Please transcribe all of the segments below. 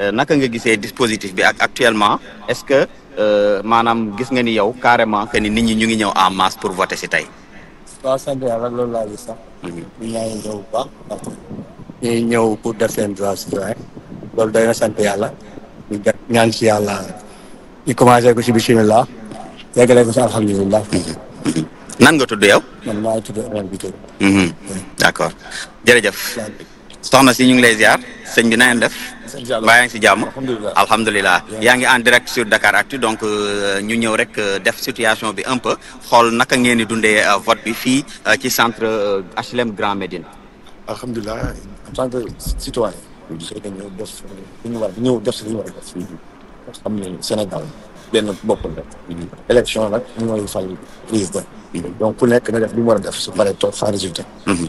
Euh, naka nga gisee dispositif bi ak actuellement est-ce que euh, maanaam gis nga ni yow carrément que ni nit ñi ñu ngi ñëw en masse pour voter si tey. waaw sant loolu laa gis sax. ñu mhm. ñaari ñëw bu ñëw pour def seen droit citoyen loolu doy na sant yàlla ñu def ñaan si yàlla ñu commencé ko si bisimilah yeggale ko si alhamdulilah. Mhm. Mhm. nan nga tudd yow. man maa ngi tudd Omar Bitéye. d'accord soxna si ñu ngi lay ziar sëñ bi na ngeen def mbaa yaa ngi si jàmm alhamdulilah yaa ngi en direct sur Dakar Actu donc euh, ñu ñëw rek euh, def situation bi un peu xool naka ngeen di dundee euh, vote bi fii ci centre HLM Grand Médine alhamdulilah en tant que citoyen xëy na ñëw def li ñu war ñëw def si li ñu war a def xam ne Sénégal benn bopp la élection nag ñooy fal président donc ku nekk na def li mu war a def su paree toog sans résultat mhm.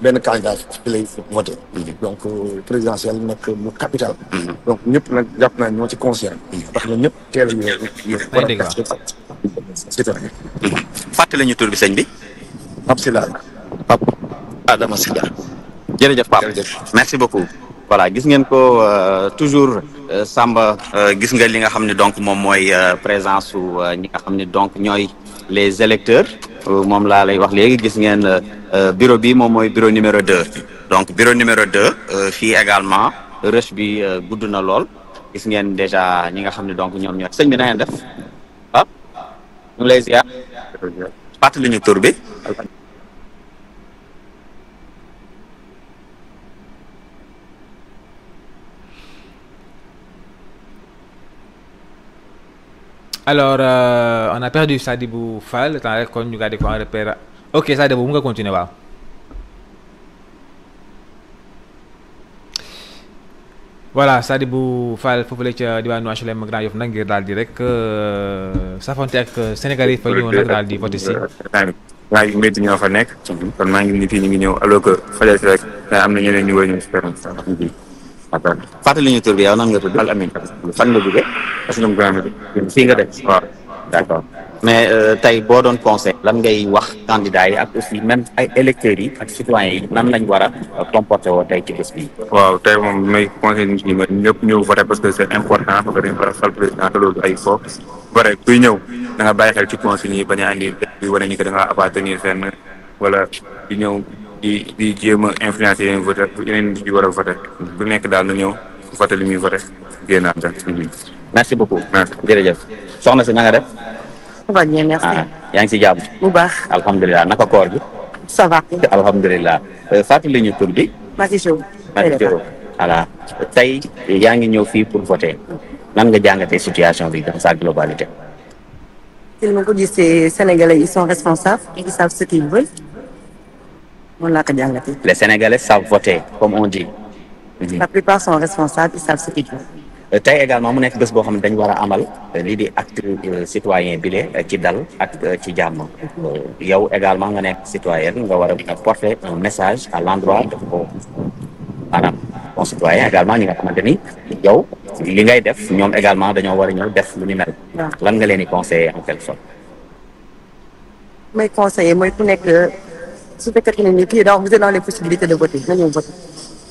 ben candidat bi lay voté. donc euh, présidentiel nekk mu capital. Mhm. donc ñep nak japp nañ ñoo ci conscient. ndax mhm. ñep ñëpp ñu a yore. Mhm. fàttali ñu tur bi señ bi. absila pap adama sidia jere jërëjëf pap merci beaucoup. voilà gis ngeen ko euh, toujours euh, Samba gis nga li nga xamni donc mom moy présence ñi nga xamni donc ñoy les électeurs mom la lay wax légui gis ngeen. Euh, bureau bi moom mooy bureau numéro 2 donc bureau numéro 2 euh, fii également rush bi euh, gudd na lool gis ngeen déjà ñi nga xam ne donc ñoom ñoo sëñ bi na ngeen def ah ñu lay ziar fàttali ñu tur bi alors euh, on a perdu Sadibou Fall tant qu'on ñu garder ko en repère ok Sadio boobu nga continuer waaw. voilà Sadibou Fall foofule ca diwaanu HLM Grand Yoff nag ngir daal di rek safonte ak Sénégal yi fa ñëw nag daal di voté si. waaw fa nekk. maa ngi nii ñu ngi ñëw alors que na ñeneen ñu war a ñëw bi. fàttali ñu tur bi yow nga tudd. Al fii nga def. waaw mais euh, tey boo doon conseil lan ngay wax candidats yi ak aussi même ay électeurs yi ak citoyens yi nan lañ war a euh, comporter woo tey ci bés bi. waaw tey moom may conseil nit ñi ma ñëpp ñëw voté parce que c'est important parce que dañu war ay fo bare kuy ñëw da nga bàyyi xel ci conseil yi bañ a andi bi wane ni que da di ñëw di jéem a influencer yeneen voté yeneen nit yi bu nekk daal na ñëw voté li muy voté génnaat merci soxna si na def ça va bien merci. Ah, yaa ngi si jàmm. bu baax alhamdulilah naka koor bi. ça va. alhamdulilah euh, fàttali la ñu tur bi. Mati Sow. Mati Sow voilà tey yaa ngi Fi pour voter nan nga jàngatee situation bi dans sa globalité. il ma ko les sénégalais ils sont responsables ils savent ce qu'ils veulent noonu laa ko les sénégalais savent voter comme on dit. la plupart sont responsables ils savent ce qu'ils veulent. tey également mu nekk bés boo xam ne dañu war a amal lii di acte euh, citoyen bile euh, ci dal ak euh, ci jàmm yow également nga nekk citoyen nga war a porter un message à l'endroit de ko maanaam concitoyen également ñi nga xamante ni yow li ngay def ñoom également dañoo war a ñëw def lu ni mel lan nga leen conseiller en quelque sorte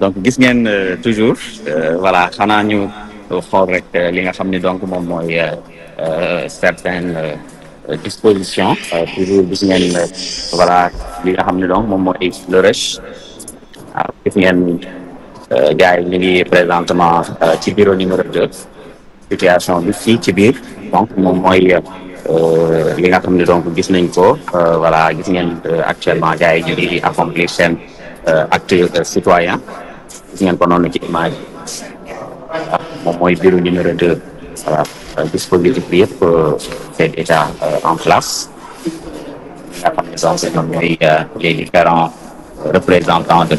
donc gis ngeen euh, toujours euh, voilà xanaa ñu xool rek euh, li nga xam ni donc moom mooy certaines dispositions toujours gis ngeen voilà li nga xam ni donc moom mooy le rush waaw ah, gis ngeen gars yi ñu ngi présentement ci bureau numéro deux situation bi fii ci biir donc moom mooy li nga xam ne donc gis nañ ko wala gis ngeen actuellement gars yi ñu ngi accomplir seen acte citoyen dengan konon cek mai momoy bureau numéro 2 voilà dispositif bi yëpp c'est déjà en place la connaissance ñoom ñooy les différents représentants de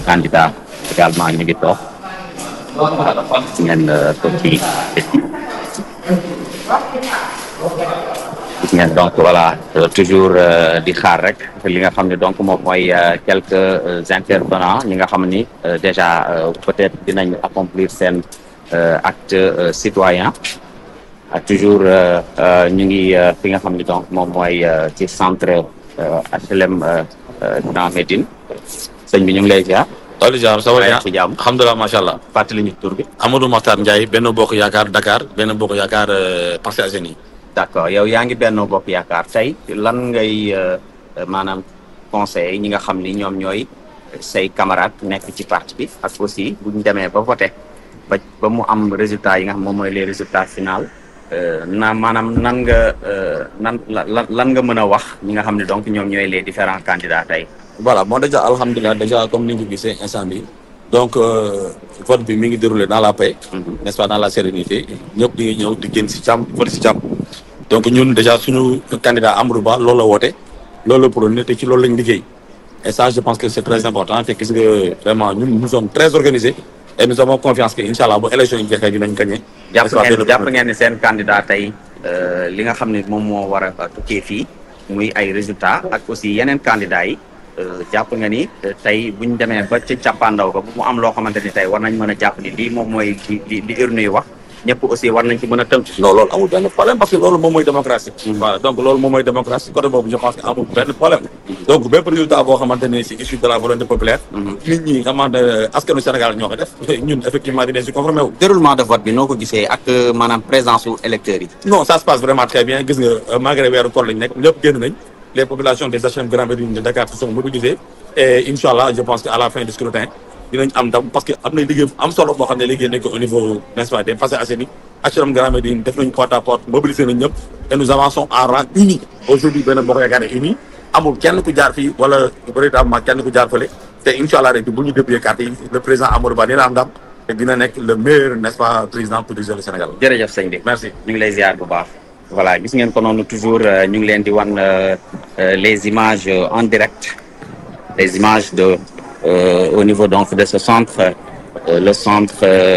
donc voilà euh, toujours euh, di xaar rek li nga xam ne donc moom mooy euh, quelques intervenants ñi nga xam ni déjà peut-être dinañ accomplir seen acte citoyen toujours ñu ngi fi nga xam ni donc moom mooy ci centre HLM Grand Médine sëñ bi ñu ngi lay ziar. wala ziar sa wala ci jàmm alhamdulilah macha allah. fàttali ñu tur bi. Amadou Makhtar Ndiaye benn bokk yaakaar dakaar benn bokk yaakaar Parcelles Assainies. d' accord yow yaa ngi Benno Bokk Yaakaar tey lan ngay euh, euh, maanaam conseil ñi nga xam ni ñoom ñooy say camarade nekk ci parti bi ak aussi bu ñu demee ba voté ba ba mu am résultat yi nga xam moom mooy les résultats final euh, na maanaam nan nga nan lan lan nga mën a wax ñi nga xam ne donc ñoom ñooy les différents candidats tey. voilà bon déjà alhamdulilah déjà comme ni nga gisee instant bi donc vote bi mu ngi déroulé dans la paix. Mhm. nest pas dans la sérénité. ñëpp di ñëw di génn si jàmm vote si donc ñun déjà suñu candidat Amadou Ba loolu la woote loolu la prôné te ci loolu lañ liggéey et ça je pense que c'est très important te gis nga vraiment ñun nous sommes très organisés et nous avons confiance que incha allah bu élection yi jeexee dinañ gagné. jàpp ngeen jàpp ngeen seen candidat tey euh, li nga xam ne moom moo war a tukkee fii muy ay résultats ak aussi yeneen candidats yi. Euh, jàpp nga ni euh, tey bu ñu demee ba ci càppaandaw ba bu mu am loo xamante ni tey war nañ mën a jàpp ni moom mooy li li urne yi wax. ñëpp aussi war nañ ci mën a tënk non loolu amul benn problème parce que loolu moom mooy démocratie mm-hmm. voilà donc loolu moom mooy démocratie côté boobu je pense que amul benn problème mm-hmm. donc bépp résultat boo xamante ne si issue de la volonté populaire mm-hmm. nit ñi xamante askanu Sénégal ñoo ko def ñun effectivement dinañ si conformé wu déroulement de vote bi noo ko gisee ak euh, maanaam présence su électeurs yi non ça se passe vraiment très bien gis nga euh, malgré weeru koor lañ nekk ñëpp génn nañ les populations des HLM Grand Médine de Dakar se sont mobilisées et incha allah je pense que à la fin du scrutin dinañ am ndam parce que am na am solo boo xam ne liggéey nañ ko au niveau n'est-ce pas des Parcelles Assainies HLM Grand Médine def nañ porte à porte mobiliser nañ ñëpp et nous avançons en rang uni aujourd'hui benn boo ko yaakaaree uni amul kenn ku jaar fii wala véritablement kenn ku jaar fële te incha allah rek bu ñu déployé carte yi le président Amadou Ba dina am ndam te dina nekk le meilleur nest président pour diriger Sénégal. jërëjëf sëñ bi merci baax. voilà gis ngeen ko noonu toujours euh, leen di euh, euh, les images en direct les de. Euh, au niveau donc de ce centre, euh, le centre euh,